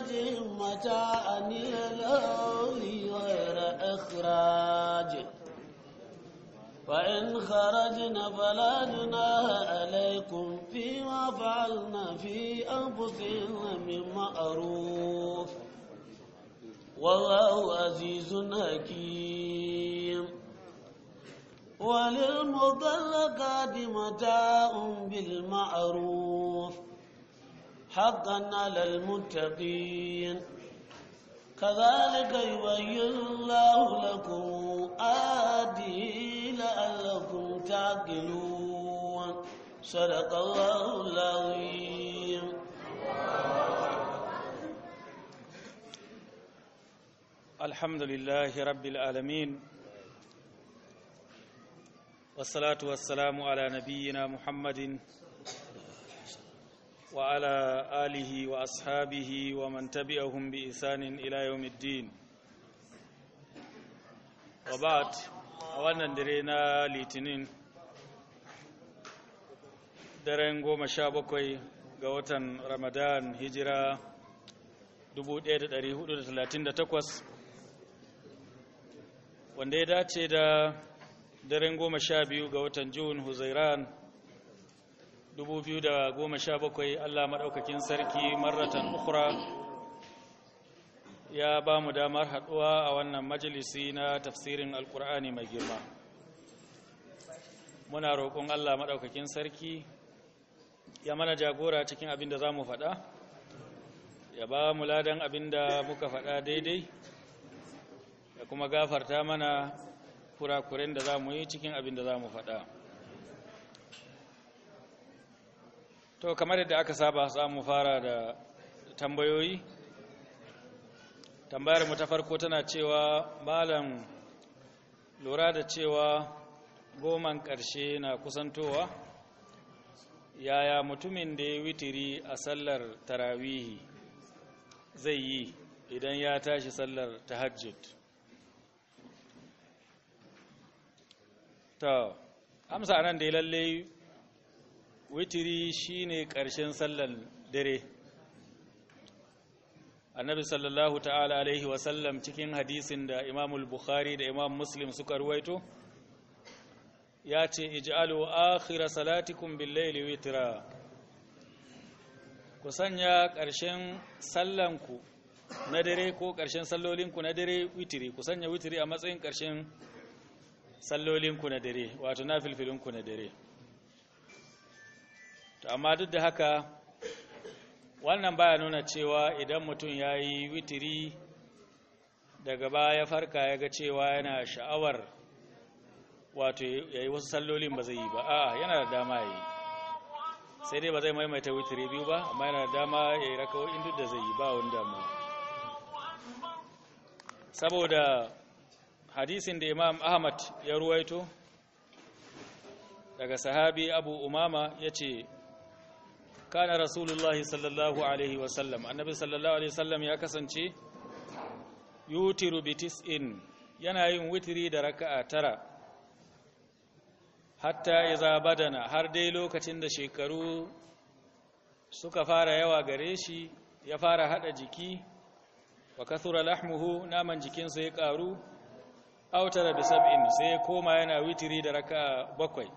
متاعا غير إخراج فإن خرجنا فلا عليكم فيما فعلنا في أنفسنا من معروف والله عزيز حكيم وللمطلقات متاع بالمعروف حقا على المتقين كذلك يبين الله لكم آدي لعلكم تعقلون صدق الله العظيم الحمد لله رب العالمين والصلاة والسلام على نبينا محمد Wa'ala alihi wa ashabihi wa manta biyu a isanin illayawu, Meddy. Wabat, a wannan dare na Litinin. dare goma sha ga watan ramadan hijira dubu wanda ya dace da talatin da da daren goma sha biyu ga watan Jun Huzairan? 2017 Allah maɗaukakin sarki maratan ukura ya ba mu damar haɗuwa a wannan majalisi na tafsirin alkur'ani mai girma muna roƙon Allah maɗaukakin sarki ya mana jagora cikin abin da za mu faɗa ya ba mu ladan abin da muka faɗa daidai ya kuma gafarta mana kurakuren da za mu yi cikin abin da za mu faɗa to kamar yadda aka saba za mu fara da tambayoyi tambayar mu ta farko tana cewa malam lura da cewa goman ƙarshe na kusantowa yaya mutumin da ya witiri a sallar tarawihi zai yi idan ya tashi sallar tahajjud to amsa nan da lalle witiri shine ƙarshen sallan dare annabi sallallahu ta'ala alaihi wasallam cikin hadisin da imamul bukhari da imam muslim suka ruwaito ya ce ij'alu akhira salatikum bil-laili witra ku sanya ƙarshen sallanku na dare ko ƙarshen sallolinku na dare witiri ku sanya witiri a matsayin ƙarshen sallolinku na dare wato na filfilinku na dare to amma duk da haka wannan baya nuna cewa idan mutum ya yi witiri daga baya farka ya ga cewa yana sha'awar wato ya yi wasu sallolin ba zai yi ba a yana da dama ya yi sai dai ba zai maimaita witiri biyu ba amma yana da dama ya yi rakawo'in duk da zai yi ba wani damu saboda hadisin da imam ahmad ya ruwaito daga sahabi abu umama ya ce kana rasulullahi sallallahu alaihi wasallam annabi sallallahu alaihi wasallam ya kasance yutiru bitis tis'in yana yin witiri da raka'a tara hatta iza badana har dai lokacin da shekaru suka fara yawa gare shi ya fara hada jiki wa kathura lahmuhu naman jikin sa ya karu autara bi sab'in sai koma yana witiri da raka'a bakwai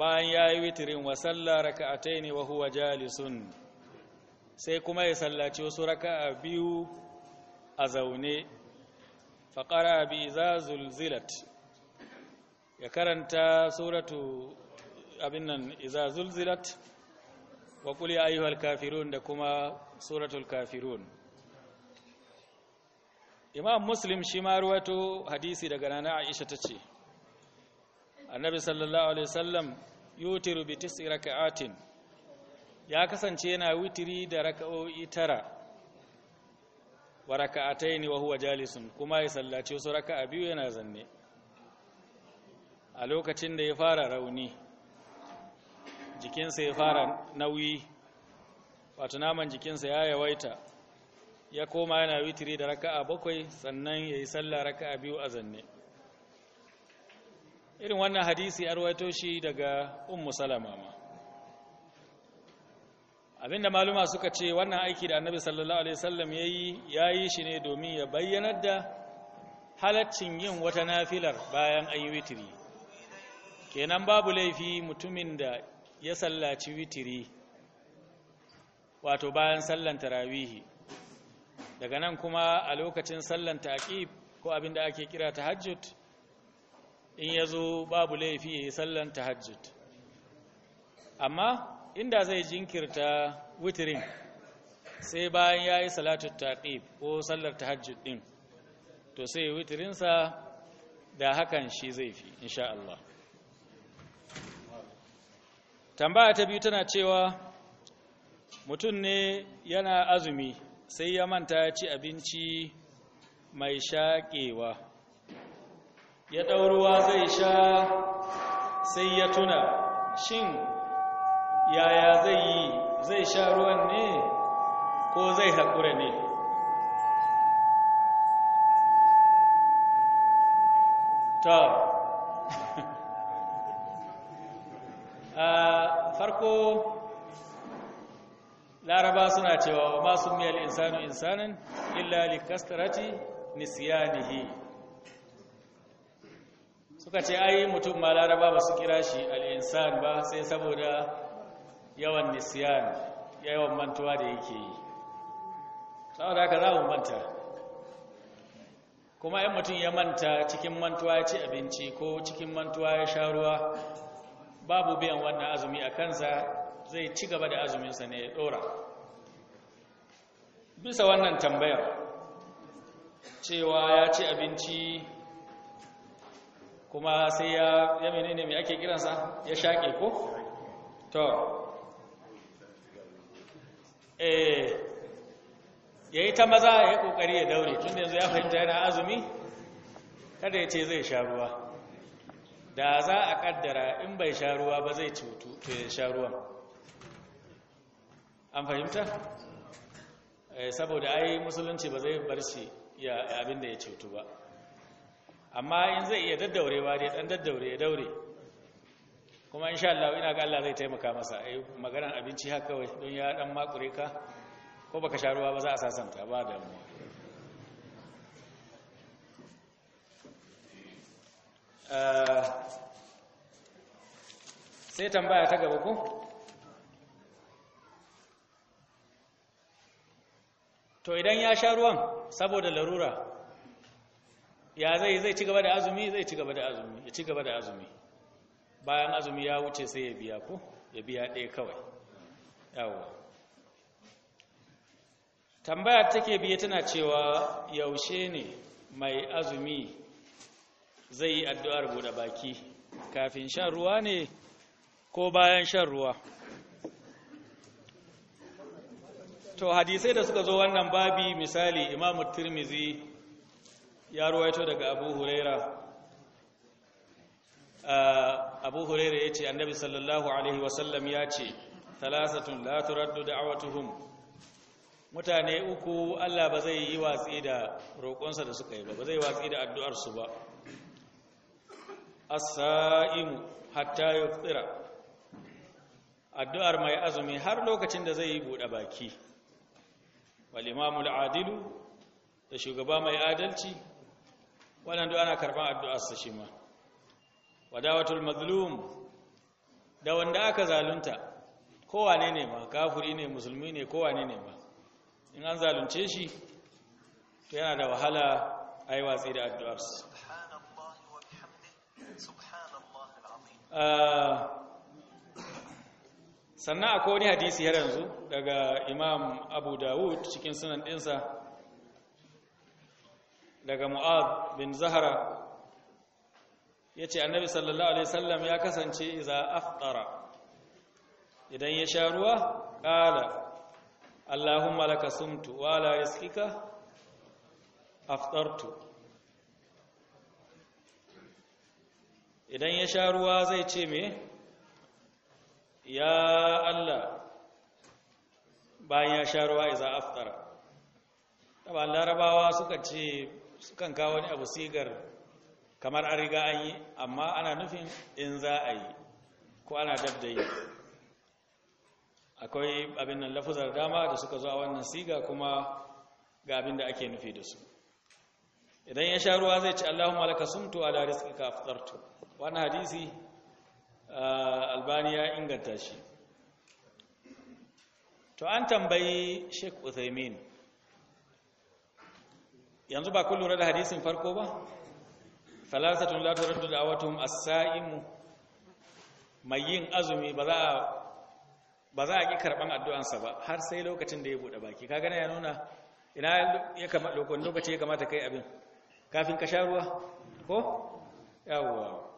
bayan ya yi witirin wa salla raka'atai ne wa huwa jalisun sai kuma ya sallaci wasu raka a biyu a zaune faƙara bi za zulzilat ya karanta suratu abin nan iza zulzilat wa kuli ayyuhal kafirun da kuma suratul kafirun imam muslim shi ma ruwato hadisi daga nana aisha ta ce annabi sallallahu alaihi wasallam yutiru bi tis'i raka'atin ya kasance yana witiri da raka'o'i tara wa raka'ataini wa huwa jalisun kuma ya sallace su raka'a biyu yana zanne a lokacin da ya fara rauni jikinsa ya fara nauyi wato naman jikinsa ya yawaita ya koma yana witiri da raka'a bakwai sannan ya yi sallah raka'a biyu a zanne irin wannan hadisi a ruwaito shi daga ummu salama ma abinda maluma suka ce wannan aiki da annabi sallallahu alaihi wasallam yayi yayi shi ne domin ya bayyanar da halaccin yin wata nafilar bayan an yi witiri kenan babu laifi mutumin da ya sallaci witiri wato bayan sallan tarawihi daga nan kuma a lokacin sallan taqib ko abinda ake kira tahajjud in ya zo babu laifi ya yi sallan tahajjud amma inda zai jinkirta witirin sai bayan ya yi salatun taƙib ko sallar tahajjud ɗin to sai witirinsa da hakan shi zai fi insha Allah tambaya ta biyu tana cewa mutum ne yana azumi sai ya manta ci abinci mai shaƙewa ya ɗauruwa zai sha sai ya tuna shin yaya zai yi zai sha ruwan ne ko zai haƙura ne ta a farko laraba suna cewa masu miyar insanu insanin illa likastarati nisiyanihi suka ce ai mutum ma laraba ba su kira shi al'insan ba sai saboda yawan nisiyan yawan mantuwa da yake yi saboda haka za mu manta kuma 'yan mutum ya manta cikin mantuwa ya ci abinci ko cikin mantuwa ya sha ruwa babu biyan wannan azumi a kansa zai ci gaba da azuminsa ne ya ɗora bisa wannan tambayar cewa ya ci abinci kuma sai ya ya ne me ake kiransa ya shaƙe ko to eh yayi ta maza ya kokari ya daure tunda yanzu ya fahimta yana azumi kada ya ce zai sha ruwa da za a kaddara in bai sha ba zai cutu to ya sha ruwan an fahimta eh, saboda ai musulunci ba zai bar shi ya abinda ya cutu ba amma in zai iya daddaurewa dai dan daddaure ya daure kuma insha Allah ina ga Allah zai taimaka masa ai eh, maganar abinci haka kawai don ya dan makure ka ko baka sha ruwa ba za a sasanta ba da mu eh, sai tambaya ta gaba ko to idan ya sha ruwan saboda larura ya zai zai ci gaba da azumi zai ci gaba da azumi ya ci gaba da azumi bayan azumi ya wuce sai ya biya ko ya biya ɗaya kawai yawo tambaya take biye tana cewa yaushe ne mai azumi zai yi addu'ar buɗe baki kafin shan ruwa ne ko bayan shan ruwa to hadisai da suka zo wannan babi misali imamu tirmizi ya ruwaito daga abu huraira abu huraira ya ce annabi sallallahu alaihi wasallam ya ce talasatun la turaddu da'awatuhum mutane uku Allah ba zai yi watsi da roƙonsa da suka yi ba ba zai watsi da addu'arsu ba as-sa'imu hatta yuftira addu'ar mai azumi har lokacin da zai yi buɗe baki wal imamul adilu da shugaba mai adalci wannan duk ana karban addu'arsa shi ma wadawatul mazlum da wanda aka zalunta kowane ne ma kafuri ne musulmi ne kowane ne ma in an zalunce shi to yana da wahala ai watsi da addu'arsa ah, sannan akwai wani hadisi har yanzu daga imam abu dawud cikin sunan ɗinsa daga mu'ad bin zahara ya ce annabi sallallahu alaihi sallam ya kasance iza aftara idan ya sha ruwa ƙala allahumma laka sumtu wa ala riskika aftartu idan ya sha ruwa zai ce me ya allah bayan ya sha ruwa iza aftara taban larabawa suka ce sukan kawo wani abu sigar kamar an riga an yi amma ana nufin in za a yi ko ana dabda yi akwai abin nan lafuzar dama da suka zuwa wannan siga kuma ga abin da ake nufi da su idan ya sha ruwa zai ci Allahumma laka sumtu ala rizqika aftartu Wani hadisi albani ya inganta shi to an tambayi Sheikh uthaymin yanzu ba kullum da hadisin farko ba falasatun la turaddu da'awatuhum as-sa'imu mai yin azumi ba za a ba za a ƙi karɓan addu'ansa ba har sai lokacin da ya buɗa baki ka gana ya nuna ina ya kama lokacin lokaci ya kamata kai abin kafin ka sha ruwa ko yawwa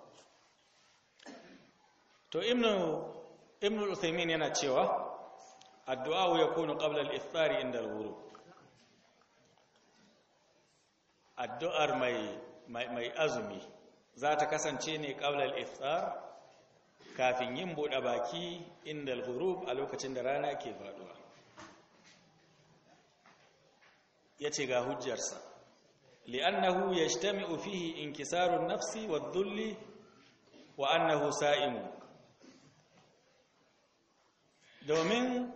to ibnu ibnu al yana cewa addu'a yakunu qabla al-iftar inda al-ghurub addu'ar mai azumi za ta kasance ne ƙaular iftar kafin yin buɗe baki inda al a lokacin da rana ke faɗuwa ya ce ga hujjarsa li'annahu ya ofihi fihi inkisarun nafsi wa dulli wa annahu sa'imu domin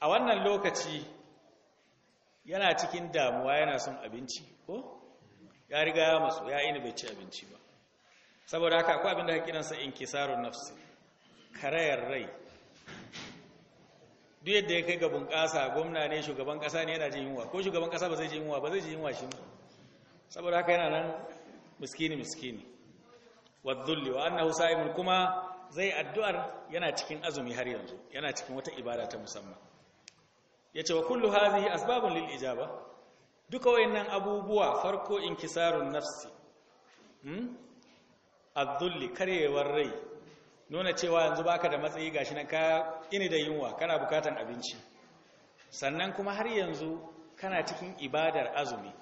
a wannan lokaci yana cikin damuwa yana son abinci ko ya riga ya matsu ya yi bai ci abinci ba saboda haka akwai abin da ka kiransa inkisarun nafsi karayar rai duk yadda ya kai ga bunƙasa gwamna ne shugaban ƙasa ne yana jin yunwa ko shugaban ƙasa ba zai jin yunwa ba zai jin yunwa shi saboda haka yana nan miskini miskini wadhulli wa annahu sa'imun kuma zai addu'ar yana cikin azumi har yanzu yana cikin wata ibada ta musamman Ya ce, wa kullu hazihi asbabun lil ijaba duka wayannan abubuwa farko inkisarun nafsi hmm adulli karewar rai nuna cewa yanzu baka da matsayi gashi na ka ini da yunwa kana bukatan abinci sannan kuma har yanzu kana cikin ibadar azumi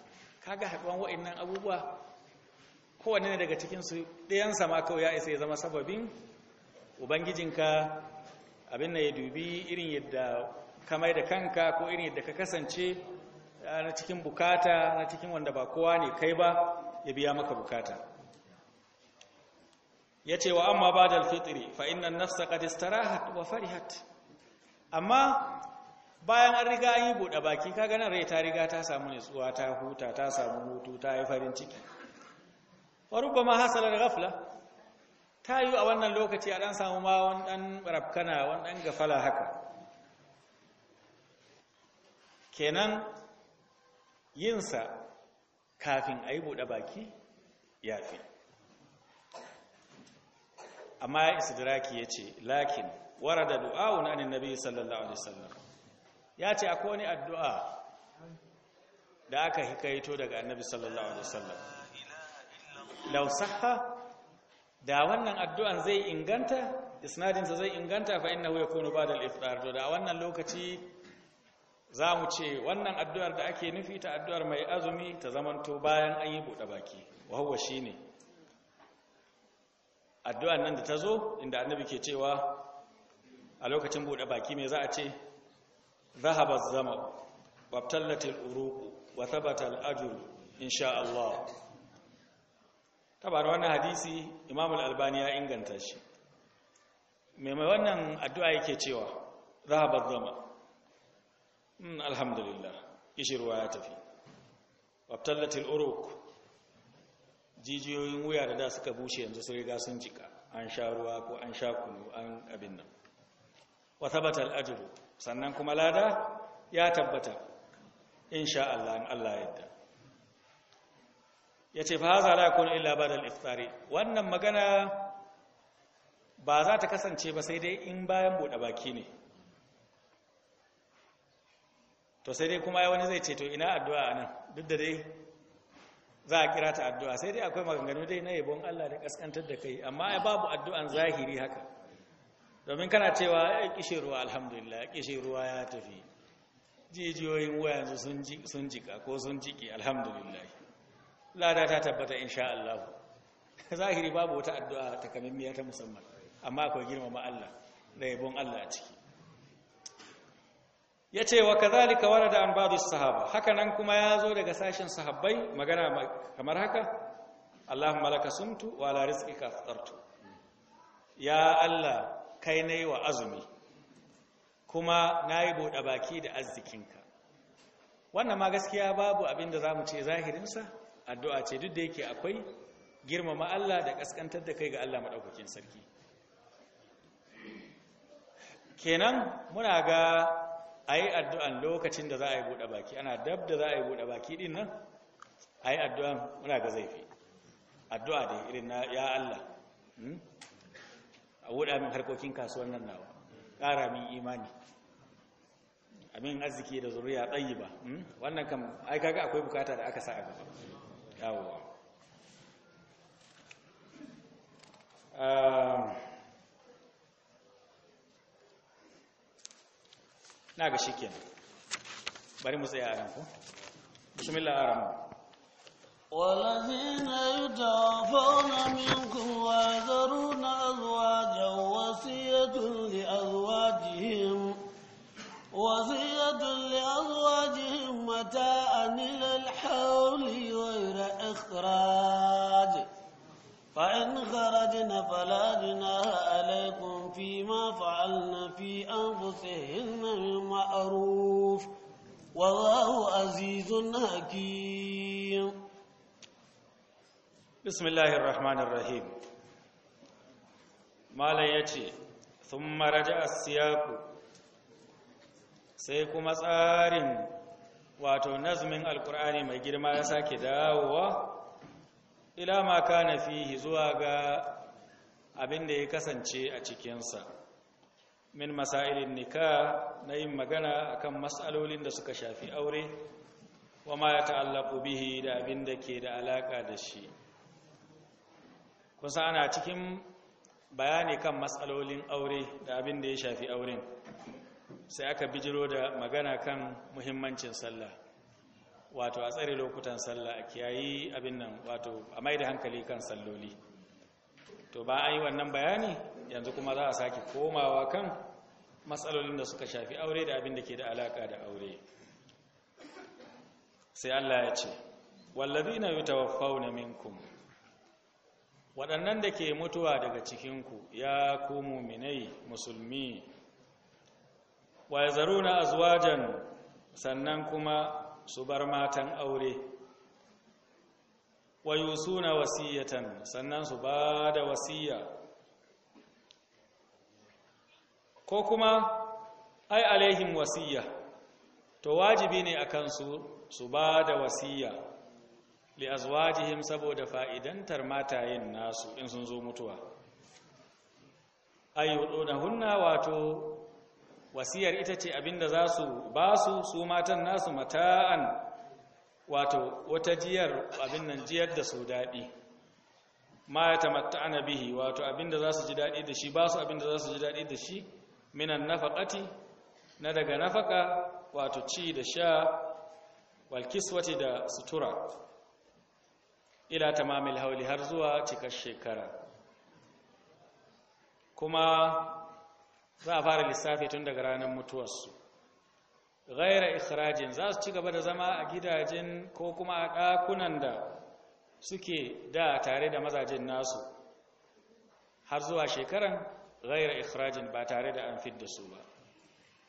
kaga haɗuwan waɗannan abubuwa kowanne daga cikin su ɗayan sama kawai ya isa ya zama sababin ubangijinka abin da ya dubi irin yadda kamar da kanka ko irin da ka kasance eh, na cikin bukata na cikin wanda ba kowa ne kai ba ya biya maka bukata ya ce wa amma ba da alfitri fa inna nafsa qad istarahat wa farihat amma bayan an riga yi buɗe baki ka ganin rai ta riga ta samu nutsuwa ta huta ta samu hutu ta yi farin ciki wa rubbama hasalar ghafla ta yi a wannan lokaci a ɗan samu ma wani ɗan rafkana wani ɗan gafala haka kenan yinsa kafin a yi buɗe baki ya fi amma isidraki ya ce lakin da du'a'un anin nabi sallallahu alaihi sallam ya ce akwai wani addu'a da aka hikaito daga annabi sallallahu alaihi wasallam law sahha da wannan addu'an zai inganta isnadinsa zai inganta fa'in fa innahu ba da al-iftar da wannan lokaci za mu ce wannan addu'ar da ake nufi ta addu'ar mai azumi ta zamanto bayan an yi buɗe baki wahawa shi ne addu'ar nan da ta zo inda annabi ke cewa a lokacin buɗe baki mai za a ce su zama wabtallatil uruku wa tabbatal ajul insha Allah tabar wannan hadisi imamul albani ya inganta shi mai mai wannan addu'a yake cewa su zama Hmm, alhamdulillah gishirwa ya tafi wabtallatil uruk jijiyoyin wuya da da suka bushe yanzu su riga sun jika an sha ruwa ko an sha kunu an abin nan wa batal ajru sannan kuma lada ya tabbata insha Allah in Allah yadda yace fa haza la yakunu illa ba'da al-iftari wannan magana ba za ta kasance ba sai dai in bayan bude baki ne to sai dai kuma wani zai ce to ina addu'a a nan duk da dai za a kira ta addu'a sai dai akwai maganganu dai na yabon Allah da kaskantar da kai amma babu addu'an zahiri haka domin kana cewa ya eh, kishe ruwa alhamdulillah ya kishe ruwa ya tafi jijiyoyin wayanzu sun jika ko sun jiki alhamdulillah lada ta tabbata insha Allah zahiri babu wata addu'a ta kamimmiya ta musamman amma akwai girmama Allah da yabon Allah a ciki ya ce wa kazalika warada an ba'd sahaba haka nan kuma ya zo daga sashen sahabbai magana kamar haka Allahumma laka sumtu wa la rizqika aftartu ya Allah kai nayi wa azumi kuma nayi bude baki da arzikinka wannan ma gaskiya babu abin da zamu ce zahirinsa addu'a ce duk da yake akwai girmama Allah da kaskantar da kai ga Allah madaukakin sarki kenan muna ga a yi addu'an lokacin da za a yi buɗe baki ana dab da za a yi buɗe baki ɗin nan a yi addu'an muna ga zaifi addu'a da irin na ya Allah hmm, a buɗe min harkokin kasuwan nan nawa ƙara min imani amin arziki da zuriya tsayi ba hmm. wannan kam ai kaga akwai bukata da aka sa a gaba yawo ah, na ga shi kenan bari mu tsaye a ranku bismillah ar-rahman walazina yudawna minkum wa zaruna azwajan wasiyatan li azwajihim wasiyatan li azwajihim mata'an lil hawli wa ira akhraj fa in kharajna fala jinaha alaykum بما فعلن في أنفسهن المعروف والله عزيز حكيم بسم الله الرحمن الرحيم مالا يتي ثم رجع السياق sai kuma tsarin wato nazmin alkur'ani mai girma ya sake dawowa ila ma kana fihi zuwa ga abin da ya kasance a cikinsa min masailin nika na yin magana akan mas'alolin da suka shafi aure wa ma ya ta'allaku bihi da abin da ke da alaka da shi kusa ana cikin bayani kan matsalolin aure da abin da ya shafi auren sai aka bijiro da magana kan muhimmancin sallah wato a tsare lokutan sallah a kiyayi abin nan wato a mai da hankali kan salloli to ba a yi wannan bayani yanzu kuma za a sake komawa kan matsalolin da suka shafi aure da abin da ke da alaka da aure sai Allah ya ce na wallazina yutawaffawna minkum waɗannan da ke mutuwa daga cikinku ya komo minai, musulmi wa na azwajan sannan kuma su bar matan aure wayo suna wasiyatan sannan su ba da wasiyya ko kuma ai alaihim wasiya to wajibi ne akan su su ba da wasiya li azwajihim saboda fa'idantar matayin nasu in sun zo mutuwa hunna wato wasiyar ita ce abinda za su ba su su matan nasu mata'an wato wata jiyar abin nan jiyar da su daɗi ma ya tamatta'ana bihi wato abinda za su ji daɗi da shi ba su abinda za su ji daɗi da shi minan nafaqati na daga nafaka wato ci da sha wal kiswati da sutura ila tamamil hauli har zuwa cikar shekara kuma za a fara lissafi tun daga ranar mutuwarsu ghaira ikhrajin za su ci gaba da zama a gidajen ko kuma a ɗakunan da suke da tare da mazajen nasu har zuwa shekaran ghaira Ikrajin ba tare da an fidda su ba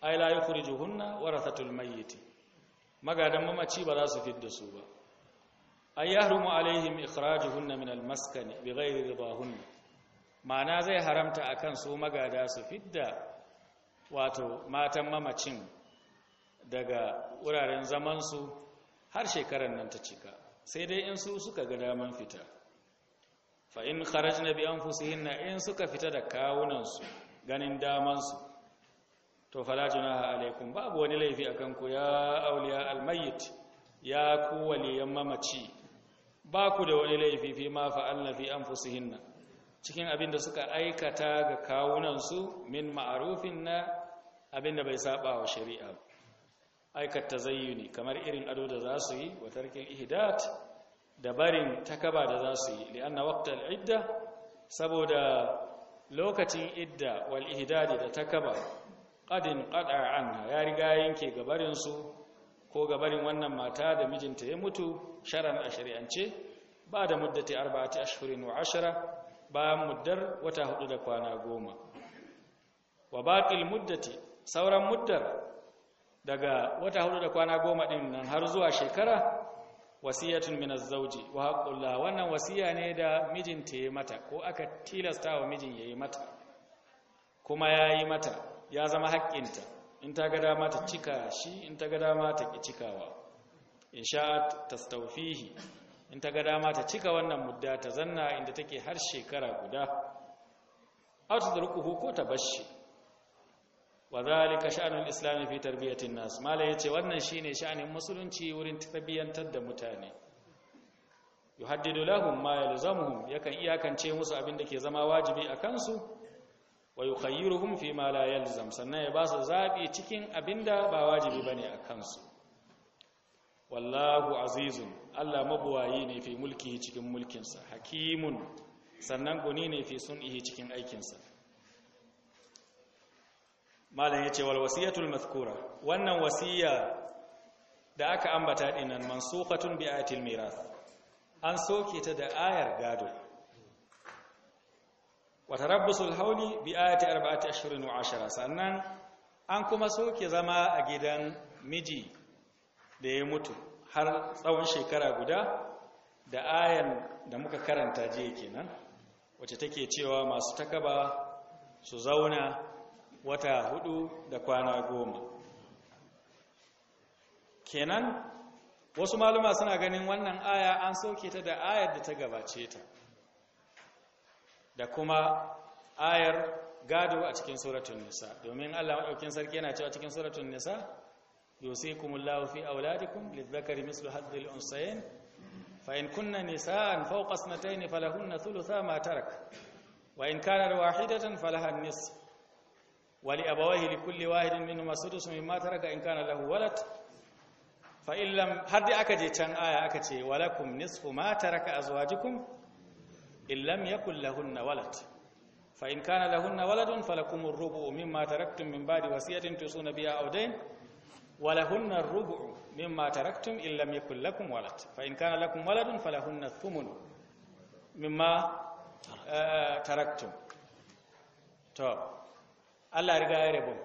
ai la hunna, warathatul mayyit magadan mamaci ba za su fidda su ba ay yahrumu alaihim ikhrajuhunna min almaskani bighairi ridahunna ma'ana zai haramta akan su magada su fidda wato matan mamacin daga wuraren zaman su har shekaran nan ta cika sai dai in su suka ga daman fita fa in kharajna bi na in suka fita da kawunansu ganin damansu to fala junaha alaikum babu wani laifi akan ku ya auliya almayit ya ku waliyan mamaci ba ku da wani laifi fi ma fa'alna fi anfusihinna cikin abin da suka aikata ga kawunansu min ma'arufin na abin da bai saba wa shari'a aikata zayyuni kamar irin ado da za su yi wa tarkin ihdat da barin takaba da za su yi li'anna waqtal idda saboda lokacin idda wal ihdadi da takaba qadin qada'a anha ya riga yanke gabarin su ko gabarin wannan mata da mijinta ya mutu sharan a shari'ance ba da muddati arba'ati ashhurin wa ashara bayan muddar wata hudu da kwana goma wa baqil muddati sauran muddar daga wata hudu da kwana goma din nan har zuwa shekara wasiyatun min az-zawji wa haqqullah wannan wasiya ne da mijinta yi mata ko aka tilasta wa mijin yayi mata kuma yayi mata ya zama haƙƙinta in ta ga dama ta cika shi in ta ga dama ta ki cikawa in sha tastawfihi in ta ga dama ta cika wannan mudda ta zanna inda take har shekara guda da rukuhu ko ta bashi wa zalika sha'anul islam fi tarbiyatin nas mala yace wannan shine sha'anin musulunci wurin tarbiyantar da mutane yuhaddidu lahum ma yalzamuhum yakan iyakance musu abin da ke zama wajibi a kansu wa yukhayyiruhum fi ma la yalzam sannan ya basu zabi cikin abinda ba wajibi bane a kansu wallahu azizun Allah mabuwayi ne fi mulki cikin mulkinsa hakimun sannan goni ne fi sun'ihi cikin aikinsa malam yace wal wasiyatul mazkura wannan wasiya da aka ambata dinan mansukatun bi ayatil miras an soke ta da ayar gado wa tarabbusul hauli bi ayati 24 wa sannan an kuma soke zama a gidan miji da ya mutu har tsawon shekara guda da ayan da muka karanta jiya kenan wacce take cewa masu takaba su zauna wata hudu da kwana goma kenan wasu maluma suna ganin wannan aya an sauke ta da ayar da ta gabace ta da kuma ayar gado a cikin suratun nisa domin allah maɗaukin sarki yana cewa cikin suratun nisa laufi fi auladikum lizzakari mislu haddil unsayin fa in kunna nisa'an fawqa ithnatayn falahunna thulutha ma tarak wa in kanat wahidatan falaha nisf wali abawahi li kulli wahidin minhum asudusu mimma taraka in kana lahu walad fa illam hadi aka je can aya aka ce walakum nisfu ma taraka azwajukum illam yakul lahunna walad fa in kana lahunna waladun falakum ar-rubu mimma taraktum min ba'di wasiyatin tusuna biha aw dayn walahunna ar-rubu mimma taraktum illam yakul lakum walad fa in kana lakum waladun falahunna ath-thumun mimma taraktum to Allah riga ya rabu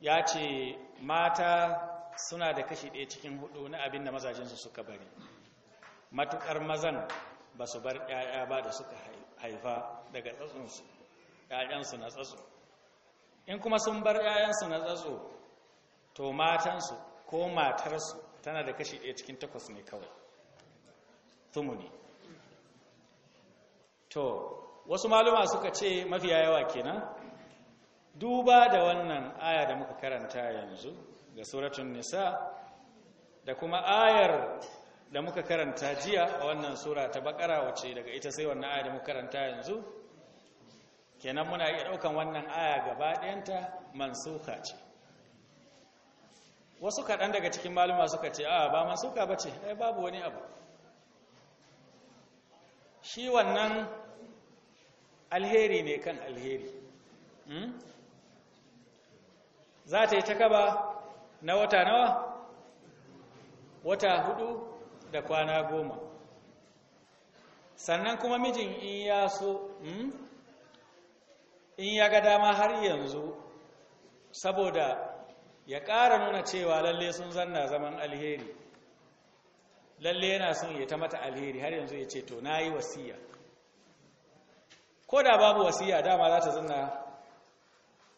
ya ce mata suna da kashi ɗaya cikin hudu na abin da mazajensu suka bari matukar mazan ba su bar ‘ya'ya ba da suka haifa daga tsatsunsu ‘ya'yansu na tsatsu in kuma sun bar ‘ya'yansu na tsatsu to matansu ko matarsu tana da kashi ɗaya cikin takwas ne kawai tumuni to wasu maluma suka ce mafiya yawa kenan duba da wannan aya da muka karanta yanzu ga suratun nisa da kuma ayar da muka karanta jiya a wannan sura ta bakara wace daga ita sai wannan aya da muka karanta yanzu kenan muna iya ɗaukan wannan aya gaba ɗayanta mansuka ce wasu kaɗan daga cikin maluma suka ce a ba mansuka ba ce ai babu wani abu shi wannan alheri ne kan alheri hmm? za ta yi ta kaba na wata nawa wata hudu da kwana goma sannan kuma mijin in ya so hmm? in ya ga dama har yanzu saboda ya ƙara nuna cewa lalle sun zanna zaman alheri lalle yana son ya ta mata alheri har yanzu ya ce to na yi wasiya ko da babu wasiya dama za ta zanna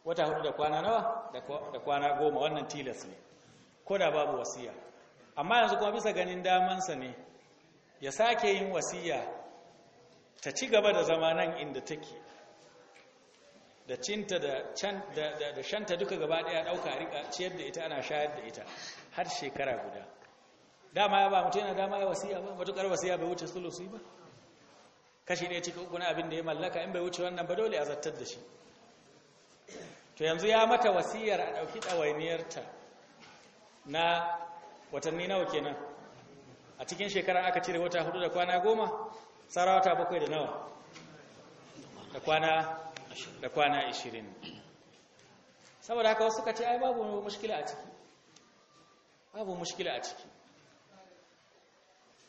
wata hudu da kwana nawa da kwana goma wannan tilas ne ko da babu wasiya amma yanzu kuma bisa ganin damansa ne ya sake yin wasiya ta ci gaba da zama nan inda take da cinta da shanta duka gaba daya dauka rika ciyar da ita ana shayar da ita har shekara guda dama ya ba mutu yana dama ya wasiya ba matukar wasiya bai wuce sulusi ba kashi ne cikin kuna abin da ya mallaka in bai wuce wannan ba dole a zartar da shi to yanzu ya mata wasiyar a ɗauki ɗawainiyarta na watanni nawa kenan a cikin shekara aka cire wata hudu da kwana goma tsara wata bakwai da nawa da kwana da kwana ashirin saboda haka wasu ka ce ai babu mushkila a ciki babu mushkila a ciki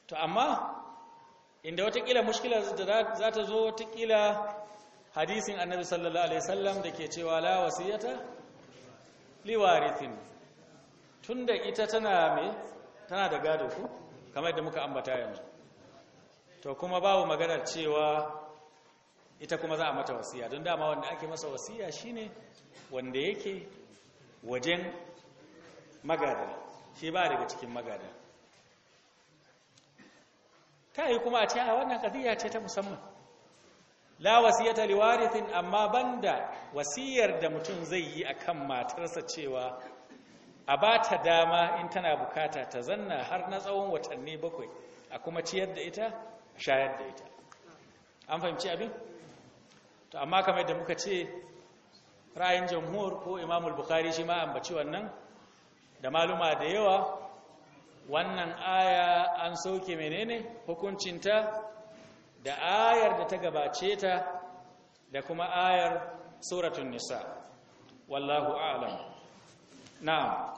to amma inda watakila mushkila za ta zo watakila hadisin annabi sallallahu alaihi wasallam da cewa la wasiyata warithin tunda ita tana me tana da gado ku kamar yadda muka ambata yanzu to kuma babu maganar cewa ita kuma za a mata wasiya don dama wanda ake masa wasiya shine wanda yake wajen magada shi ba daga cikin magada ta kuma a ce a wannan kadiya ce ta musamman la wasiyata liwarithin amma banda wasiyar da mutum zai yi akan matarsa cewa a bata dama in tana bukata ta zanna har na tsawon watanni bakwai a kuma ciyar da ita shayar da ita an fahimci abin to amma kamar da muka ce ra'ayin jamhur ko imamul bukhari shi ma ambaci wannan da maluma da yawa wannan aya an sauke menene hukuncinta da ayar da ta gabace ta da kuma ayar suratun nisa wallahu a'lam na'am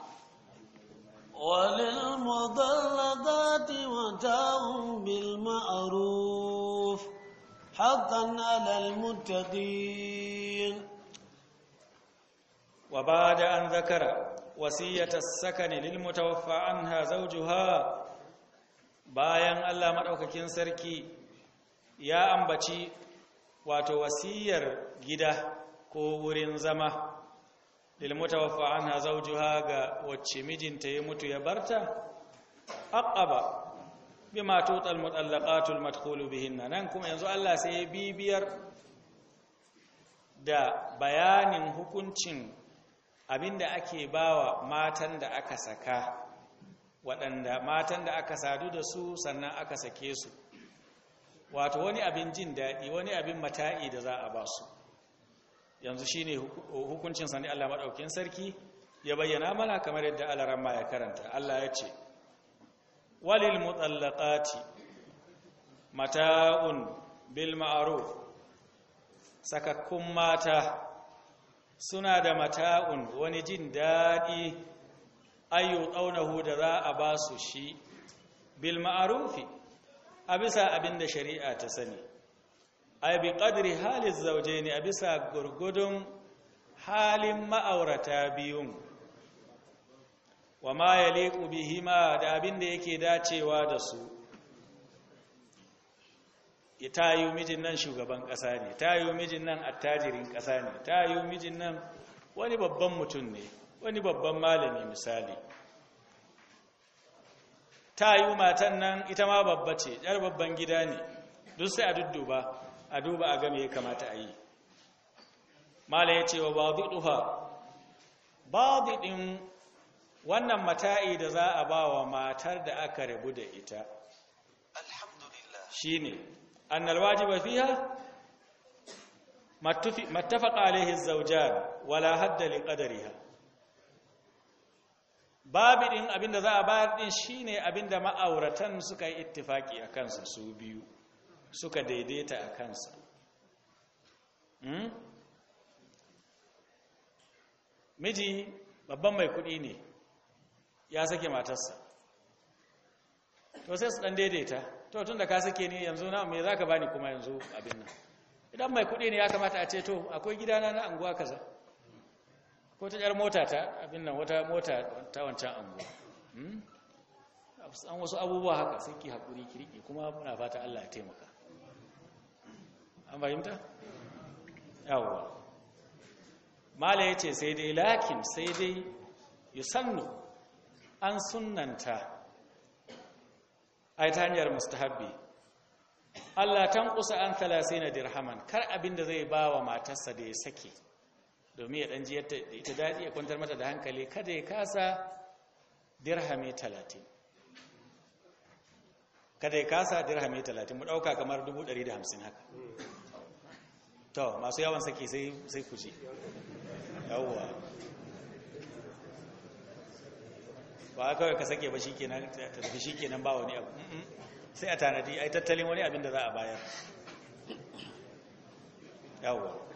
walil mudalladati wa ta'um bil ma'ruf haqqan 'alal muttaqin wa ba'da an dhakara wasiyata as lil mutawaffa anha zawjuha bayan Allah madaukakin sarki ya ambaci wato wasiyar gida ko wurin zama lilmutawaffa anha zawjuha ga wacce mijinta ya mutu ya barta aqaba bima tutal mutallaqatul madkhulu bihinna nan kuma yanzu Allah sai ya bibiyar da bayanin hukuncin abinda ake bawa matan da aka saka waɗanda matan da aka sadu da su sannan aka sake su wato wani abin jin daɗi wani abin mata'i da za a ba su yanzu shi ne hukuncin sani Allah maɗaukin sarki ya bayyana mana kamar yadda alaran ma ya karanta Allah ya ce walil mutsallaƙati mata'un bil ma'aruf sakakkun mata suna da mata'un wani jin daɗi ayyu ɗaunahu da za a ba su shi bil ma'arufi a bisa abin da shari'a ta sani a bi ƙadiri halin zauje ne a bisa gurgudun halin ma'aurata biyun wa ma ya leƙu bihima da abin da yake dacewa da su ya tayo mijin nan shugaban ƙasa ne tayo mijin nan attajirin ƙasa ne tayo mijin nan wani babban mutum ne wani babban malami misali ta yi matan nan ita ma babba ce yar babban gida ne duk sai a dudduba a duba a game ya kamata a yi mala ya ce wa baziduha bazidin wannan mata'i da za a ba wa matar da aka rabu da ita shi ne annal wajiba fiha mattafaqa alaihi zawjan wala hadda liqadariha babu din abinda za a bayar din shine abinda ma'auratan suka yi ittifaki a kansa su biyu suka daidaita a kansa hmm? miji babban mai kuɗi ne ya sake matarsa to sai su ɗan daidaita to tun da ka sake ni yanzu na me za ka bani kuma yanzu abin nan idan mai kuɗi ne ya kamata a ce to akwai gidana na anguwa kaza ko ta yar mota ta abin nan wata mota ta wancan ango. Hmm? an wasu abubuwa haka sai ki haƙuri, ki kuma muna fata Allah ya taimaka an fahimta yawwa mala ce sai dai lakin sai dai sannu an A ai ta hanyar mustahabbi Allah tan kusa an 30 dirhaman kar abinda zai bawa matarsa da ya sake domin ya ɗanji ita daɗi ya kwantar mata da hankali kada ya kasa dirhami talatin kada ya kasa dirhami talatin mu ɗauka kamar dubu ɗari da hamsin haka to masu yawan saki sai ku yawwa ba kawai ka sake ba shi kenan ba wani abu sai a tanadi a yi tattalin wani abin da za a bayar yawwa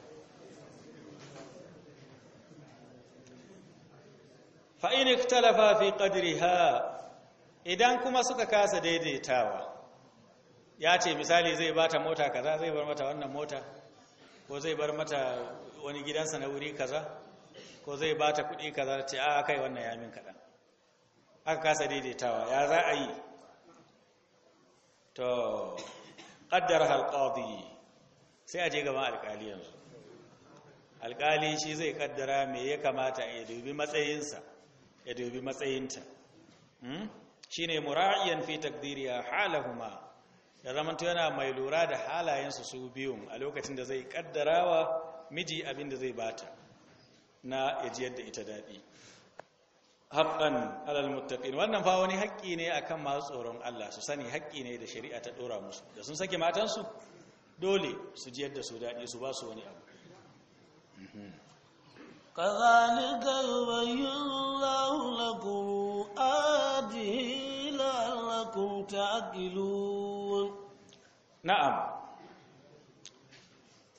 fa in ikhtalafa fi qadriha idan kuma suka kasa daidaitawa ya ce misali zai bata mota kaza zai bar mata wannan mota ko zai bar mata wani gidansa na wuri kaza ko zai bata kuɗi kaza ce a kai wannan ya min kaɗan aka kasa daidaitawa ya za a yi to ƙaddar halƙadi sai a je gaban alƙali yanzu alƙali shi zai kaddara me ya kamata ya dubi matsayinsa ya dubi matsayinta shi hmm? shine mura'iyan fi takdiriya halahuma da zamanto yana mai lura da halayensu su biyun a lokacin da zai kaddarawa miji abin da zai bata na yajiyar da ita daɗi haƙƙan alal wannan fa wani haƙƙi ne akan masu tsoron Allah su sani haƙƙi ne da shari'a ta ɗora musu da sun sake matansu dole su jiyar da su daɗi su ba su wani abu hmm. كذلك يبين الله لكم آده لعلكم تعقلون نعم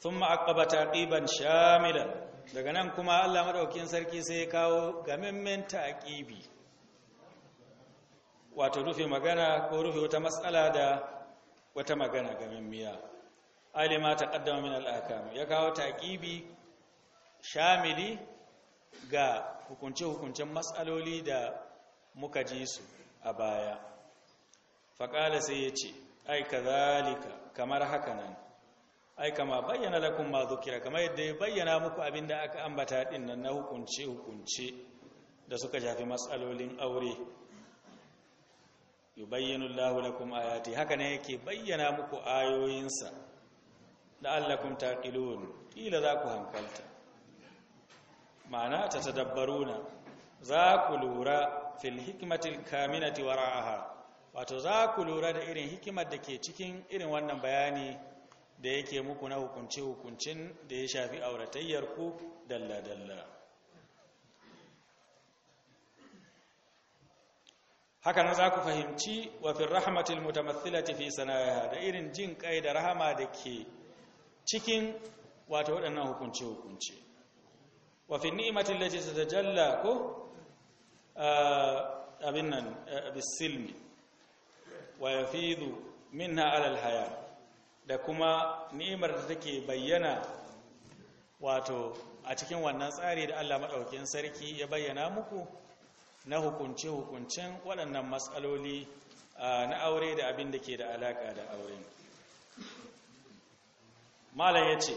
ثم عقب تعقيبا شاملا daga nan kuma Allah madaukakin sarki sai ya kawo gamemmen taqibi wato rufe magana ko rufe wata matsala da wata magana gamemmiya alima taqaddama min al-ahkam ya kawo taqibi shamili ga hukunce-hukuncen matsaloli da muka ji su a baya faƙala sai ya ce ai zalika kamar haka nan ai kama bayyana lakun ma zukira kamar yadda ya bayyana muku abin da aka ambata din nan na hukunce-hukunce da suka shafi matsalolin aure yubayyinu Allahu lakum ayati haka ne yake bayyana muku ayoyinsa Da allakun taqilun kila za ku hankalta ma'ana ta tadabbaruna za ku lura fil hikmatil kaminati wara'aha wato za ku lura da irin hikimar da ke cikin irin wannan bayani da yake muku na hukunce hukuncin da ya shafi auratayyar ku dalla dalla haka na za ku fahimci wa fil rahmatil mutamathilati fi sana'a da irin jin kai da rahama da ke cikin wato waɗannan hukunce hukunce wa fi ni'matin ta jalla ko ah, abin nan eh, bisilmi wa yafidu minha ala haya da kuma ni'imar da take bayyana wato a cikin wannan tsari da Allah maɗaukin sarki ya bayyana muku na hukunce hukuncen waɗannan matsaloli ah, na aure da abin da ke da alaƙa da aure malam ce.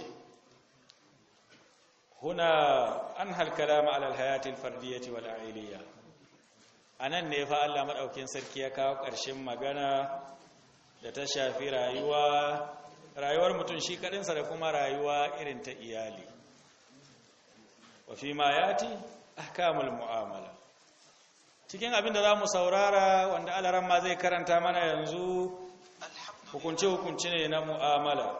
huna an halkala ma'alar hayatin fardiyyaci wal'ailiya a nan ne fa Allah maɗaukin sarki ya kawo ƙarshen magana da ta shafi rayuwa rayuwar mutum shi kaɗansa da kuma rayuwa irin ta iyali wafi ma ya ti ahkamul mu'amala cikin abin da za mu saurara wanda alaran zai karanta mana yanzu hukunce-hukunce ne na mu'amala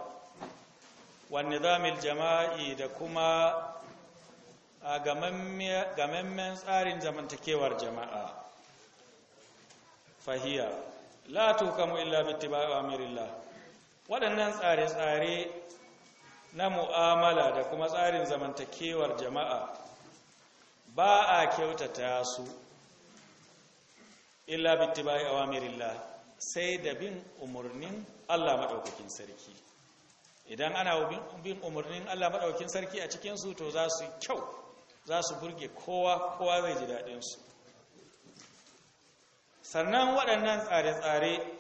wani zamil jama'i da kuma a gamammen tsarin zamantakewar jama'a fahiya la tukamu illa bittiba'i amirillah waɗannan tsare-tsare na mu'amala da kuma tsarin zamantakewar jama'a ba a kyautata su illa bittiba'i awamirillah sai da bin umarnin Allah maɗaukakin sarki idan ana bin umarnin Allah maɗaukakin sarki a cikinsu to za su kyau za su burge kowa kowa zai ji daɗinsu sannan waɗannan tsare-tsare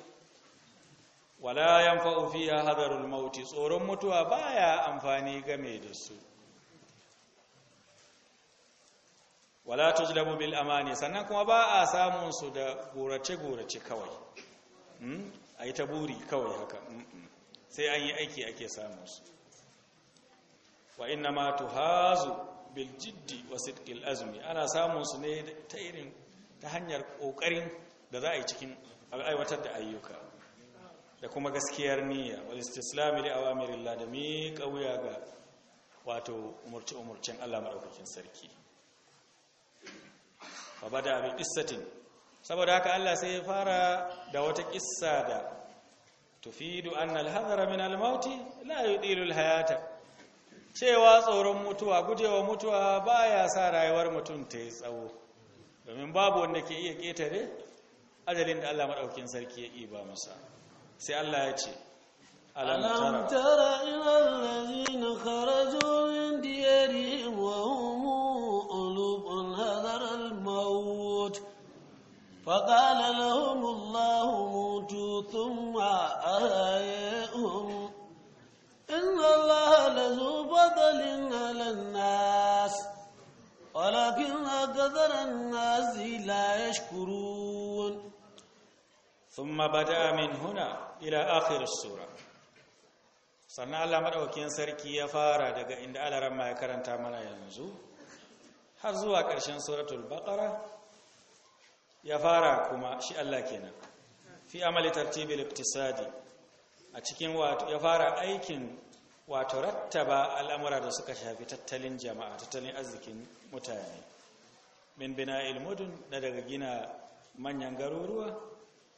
wala yanfa'u a hadarul mauti tsoron mutuwa baya amfani game da su wala da bil amani sannan kuma ba a samun su da gorace gorace kawai hmm? A yi ta buri kawai haka hmm, hmm. sai an yi aiki ake samun su wa inna ma hazu biljiddi jiddi wa ana samun su ne ta irin ta hanyar ƙoƙarin da za a yi cikin aiwatar da ayyuka da kuma gaskiyar niyya wal istislami da awamirin da mi ga wato umarci-umarcin Allah maɗaukakin sarki ba da abin qissatin saboda haka Allah sai ya fara da wata kissa da tufidu annal hazara min al-mauti la yi ɗilul hayata cewa tsoron mutuwa gujewa mutuwa ba ya sa rayuwar mutum ta yi tsawo domin babu wanda ke iya ƙetare ajalin da Allah maɗaukin sarki ya ɗiba masa sai Allah ya ce alam tara ila na kharaju min diyarihim wa hum ulubun hadar al-maut فقال لهم الله mutu ثم أهيئهم الله لذو فضل على الناس ولكن أكثر الناس لا يشكرون ثم بدأ من هنا إلى آخر السورة sannan Allah madaukakin sarki ya fara daga inda alaran ma ya karanta mana yanzu har zuwa ƙarshen suratul baqara ya fara kuma shi Allah kenan fi amali tartibil iktisadi a cikin wato ya fara aikin wato rattaba al'amura da suka shafi tattalin jama'a tattalin arzikin mutane min bina ilmudun na daga gina manyan garuruwa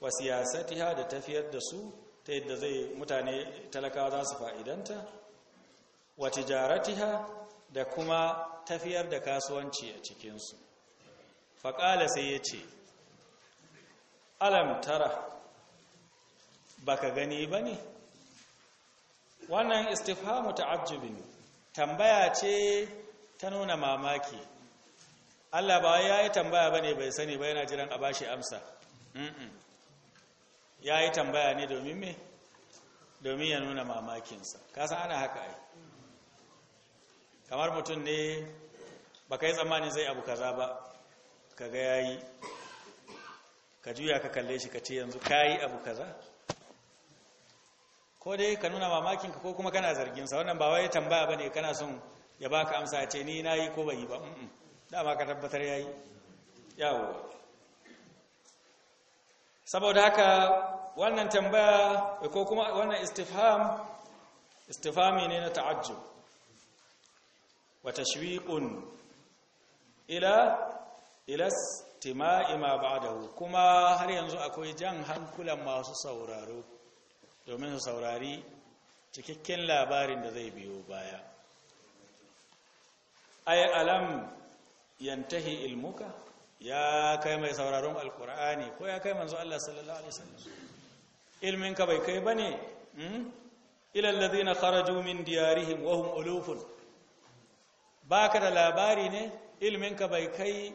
wa siyasatiha da tafiyar da su ta yadda zai mutane talakawa za su fa'idanta wa tijaratiha da kuma tafiyar da kasuwanci a cikinsu faƙala sai ya ce alam tara ka gani ba ne wannan istifhamu ta'ajjubin tambaya ce ta nuna mamaki Allah ba ya yi tambaya bane bai sani ba yana jiran a bashi amsa ya yi tambaya ne domin me domin ya nuna mamakinsa kasan ana haka ai kamar mutum ne ba ka yi tsammanin zai abu kaza ba ka ga yi ka juya ka kalle shi ka ce yanzu ka yi abu kaza ko dai ka nuna mamakin ka ko kuma kana zargin sa wannan ba wai tambaya bane kana son ya baka amsa ce ni nayi ko bai ba dama ka tabbatar yayi yawo saboda haka wannan tambaya ko kuma wannan istifham istifhami ne na ta'ajjub wa tashwiqun ila ila istima'i ma ba'dahu kuma har yanzu akwai jan hankulan masu sauraro domin su saurari cikakken labarin da zai biyo baya ay alam yantahi ilmuka ya kai mai sauraron alkur'ani ko ya kai manzo Allah sallallahu alaihi wasallam ilmin ka bai kai bane hmm? ila alladhina kharaju min diyarihim wa hum ulufun baka da labari ne ilmin ka bai kai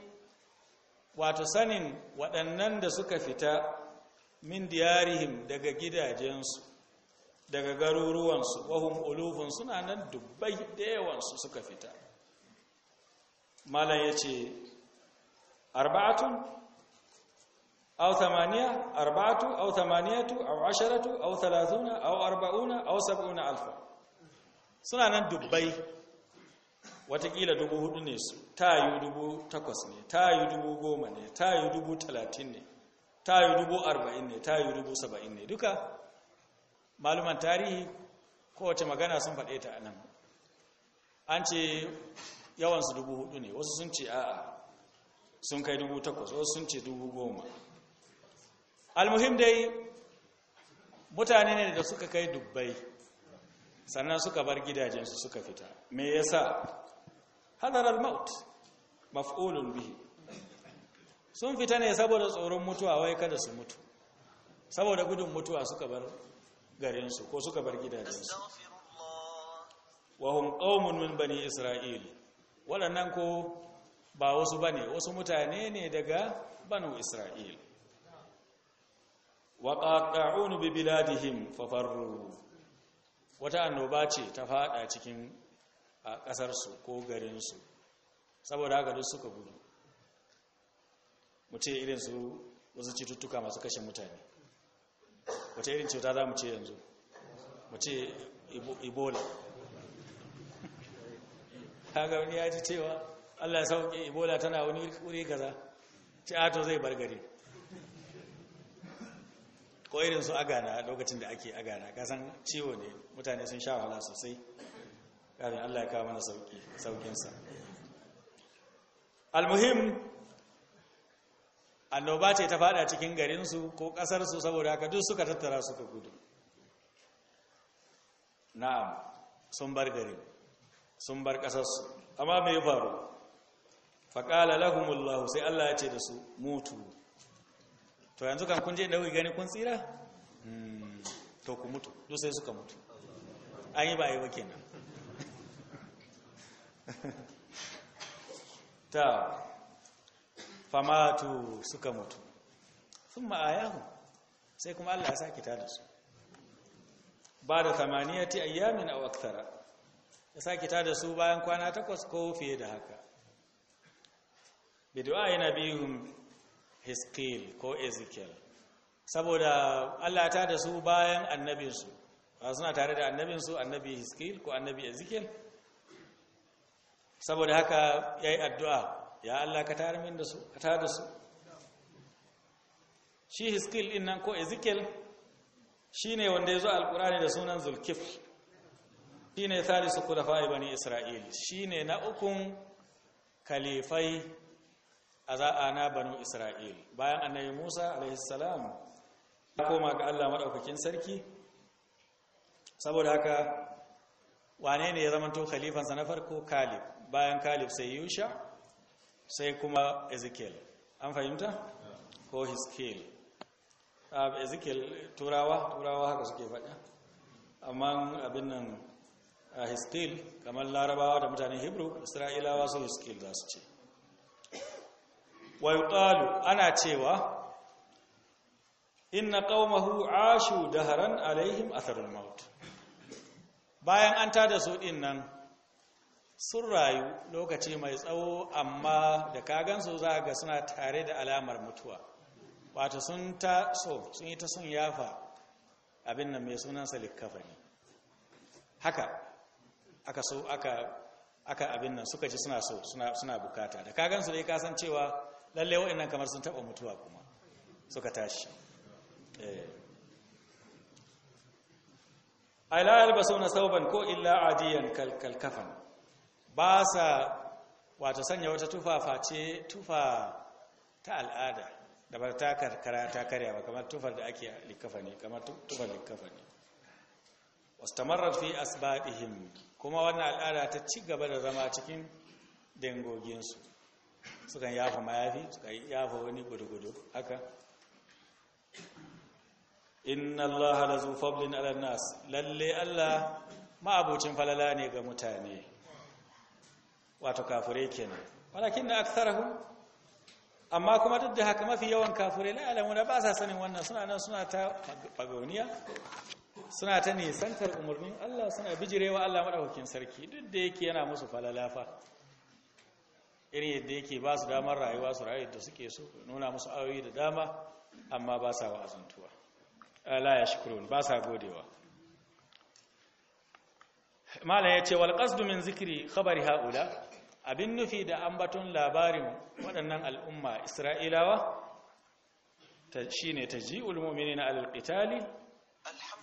wato sanin waɗannan da suka fita min diyarihim daga gidajensu daga garuruwansu wahum ulufun suna nan dubbai da suka fita malam ya ce arba'atun au thamaniya arba'atu au thamaniyatu au asharatu au thalathuna au arba'una au sab'una alfa suna nan dubbai watakila dubu hudu ne su tayu dubu takwas ne tayu dubu goma ne tayu dubu talatin ne ta yi rubu arba'in ne ta yi rubu saba'in ne duka maluman tarihi kowace magana sun faɗe ta nan an ce yawansu dubu hudu ne wasu sun ce a'a sun kai dubu takwas wasu sun ce dubu goma almuhim dai mutane ne da suka kai dubbai sannan suka bar gidajensu suka fita me yasa hadarar maut maf'ulun bihi sun fita ne saboda tsoron mutuwa wai kada su mutu saboda gudun mutuwa suka bar garinsu ko suka bar gidajensu hum qaumun min bani isra'il waɗannan ko ba wasu bane wasu mutane ne daga banu isra'il wa qata'un bi biladihim fafarru wata annoba ce ta fada cikin a ƙasarsu ko garinsu saboda haka duk suka gudu mutum irin su wasu cututtuka masu kashe mutane wata irin cuta za mu ce yanzu mu ce ebola ga wani ya ji cewa allah sauƙi ebola tana wani wuri kaza ci ato zai bargare ko irin su agana lokacin da ake agana kasan ciwo ne mutane sun sha wahala sosai kafin allah ya kawo mana sauƙinsa Al al-muhim annoba ce ta fada cikin garinsu ko ƙasarsu saboda haka duk suka tattara suka gudu na'am sun bar garin sun bar ƙasarsu amma mai faru faƙala lahumullahu sai Allah ya ce da su mutu to yanzu kan kun je ɗauki gani kun tsira hmm, to ku mutu duk sai suka mutu an yi ba a yi ba ta famatu suka mutu sun ma'ayahu sai kuma Allah ya sa kita da su ba da tamaniyati ayyamin a waktara ya sa kita da su bayan kwana takwas ko fiye da haka Bidua yana biyun hiskil ko ezekiel saboda Allah ta da su bayan annabinsu ba suna tare da annabinsu annabi hiskil ko annabi ezekiel saboda haka ya yi addu'a ya Allah ka tare min da su ka tare da su shi hiskil din nan ko ezekiel shine wanda yazo alqur'ani da sunan zulkifl shine thalisu khulafa'i bani isra'il shine na ukun kalifai na banu isra'il bayan annabi musa alayhi salam koma ga Allah madaukakin sarki saboda haka wane ne ya zamanto khalifansa na farko kalib bayan kalib sai yusha sai kuma ezekiel an fahimta ko hiskiel ah, ezekiel turawa turawa haka suke faɗa amma abin nan a ah, kamar larabawa da mutanen hebrew isra'ilawa su hiskiel za su ce wayuqalu ana cewa inna ƙaumahu ashu daharan alaihim atharul maut bayan an tada su ɗin nan sun rayu lokaci mai tsawo amma da kagansu za ga suna tare da alamar mutuwa wata sun ta so sun yi ta sun yafa abin nan mai sunansa likkafa ne haka aka so aka abin nan suka ci suna so suna, bukata da kagansu dai kasan cewa lalle wa'annan kamar sun taba mutuwa kuma suka tashi eh. ai la yalbasu na sauban ko illa adiyan kalkafan ba sa wata sanya wata tufa face tufa ta al'ada da ba ta karkara ta karya ba kamar tufar da ake likafa ne kamar tufar likafa ne wastamarrat fi asbabihim kuma wannan al'ada ta ci gaba da zama cikin dangoginsu sukan yafa mayafi sukan yafa wani gudugudu. haka inna allaha lazu fablin ala nas lalle allah ma'abocin falala ne ga mutane wato kafirai kenan walakin da aktharahum amma kuma duk da haka mafi yawan kafure, la na ba sa sanin wannan suna nan suna ta bagauniya suna ta nisantar umarnin Allah suna bijirewa Allah madaukakin sarki duk da yake yana musu falalafa irin yadda yake ba su damar rayuwa su rayu da suke so nuna musu ayoyi da dama amma ba sa wa'azantuwa ya yashkurun ba sa godewa malam yace wal qasdu min zikri khabari haula abin nufi da an batun labarin waɗannan al'umma isra'ilawa shi ne ta ji ulmomini na alƙitali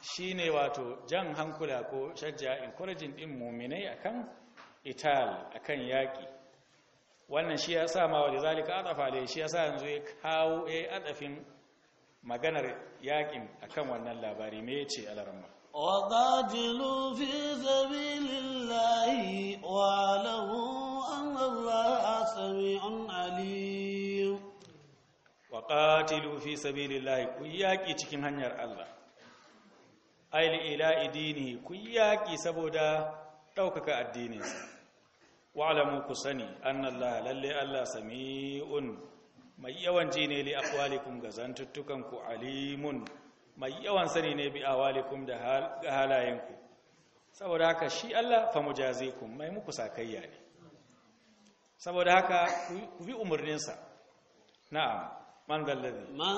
shi ne wato jan hankula ko shajja inkurajin ɗin muminai akan ital akan yaƙi wannan shi ya sa ma wadda zalika adafa da shi ya sa yanzu ya kawo ya adafin maganar yaƙin a kan wannan labari me ce alarma وقاتلوا في سبيل الله واعلموا الله سميع عليم وقاتلوا في سبيل الله كياكي cikin hanyar Allah ayil ila dini kuyaki saboda daukaka addininsa wa'lamu kusani Allah lalle Allah sami'un mai yawan ji li aqwalikum gazantuttukan ku alimun mai yawan sani ne bi awalikum da halayenku saboda haka shi Allah fa mujazikum mai muku sakayya ne saboda haka ku bi umarninsa na'am man ladhi man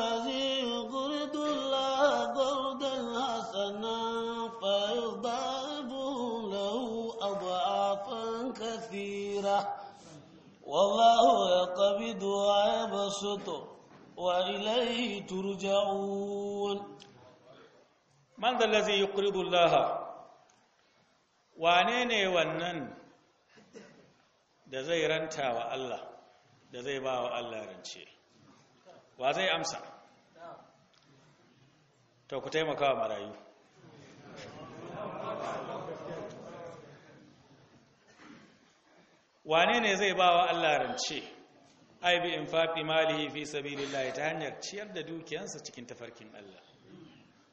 ladhi yuridu Allah qardan hasana fa yudabu lahu ad'afan kathira wallahu yaqbidu wa yabsutu wa ilayhi turja'un man ladhi yuridu Allah wane ne wannan da zai ranta wa Allah da zai ba wa Allah rance wa zai amsa to ku taimaka wa marayu wane ne zai ba wa Allah rance ai bi infaqi malihi fi sabilillahi ta hanyar ciyar da dukiyansa cikin tafarkin Allah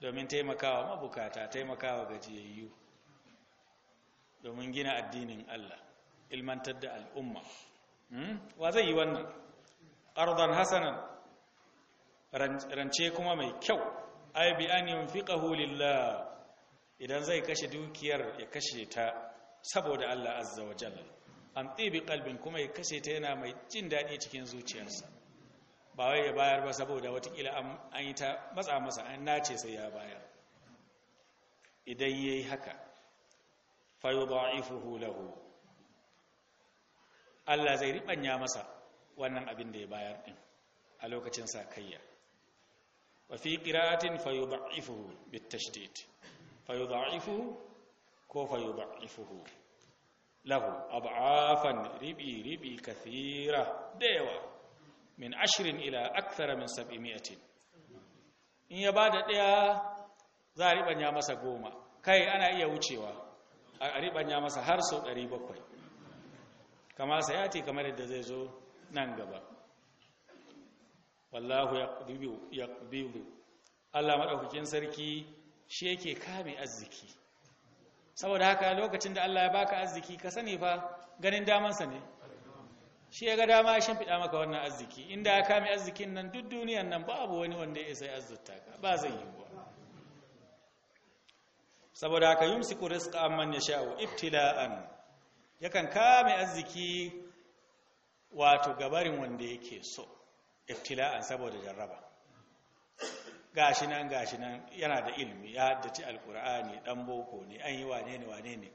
domin taimakawa mabukata taimakawa gajiyayyu domin gina addinin Allah ilmantar da al'umma hmm? wa zai yi wannan ƙarɗon hasanan rance kuma mai kyau ai bi an yunfiqahu lillah idan zai kashe dukiyar ya kashe ta saboda Allah azza wa jalla an tsibi kalbin kuma ya kashe ta yana mai jin daɗi cikin zuciyarsa ba wai ya bayar ba saboda watakila an yi ta matsa masa an nace sai ya bayar idan yayi haka fayu yudha'ifuhu lahu Allah zai riɓanya masa wannan abin da ya bayar ɗin a lokacin sakayya wa fi qira'atin tashdid. bitashdid fayudha'ifuhu ko fayudha'ifuhu lahu ab'afan ribi ribi kathira da min ashirin ila akthara min 700 in ya ba da ɗaya za a riɓanya masa goma kai ana iya wucewa a riɓanya masa har sau 700 kama sayati kamar da zai zo nan gaba wallahu yaqbidu Allah madaukakin sarki shi yake kame arziki saboda haka lokacin da Allah ya baka arziki ka sani fa ganin damansa ne shi ya ga dama ya fiɗa maka wannan arziki inda ya kame arzikin nan duk duniyan nan babu wani wanda ya sai arzuta ka ba zai yi ba saboda haka yumsiku rizqa amman yasha'u ibtila'an yakan kame arziki wato gabarin wanda yake so iftila'an saboda jarraba gashi nan gashi nan yana da ilmi ya haddace alkur'ani dan boko ne an yi wane ne wane ne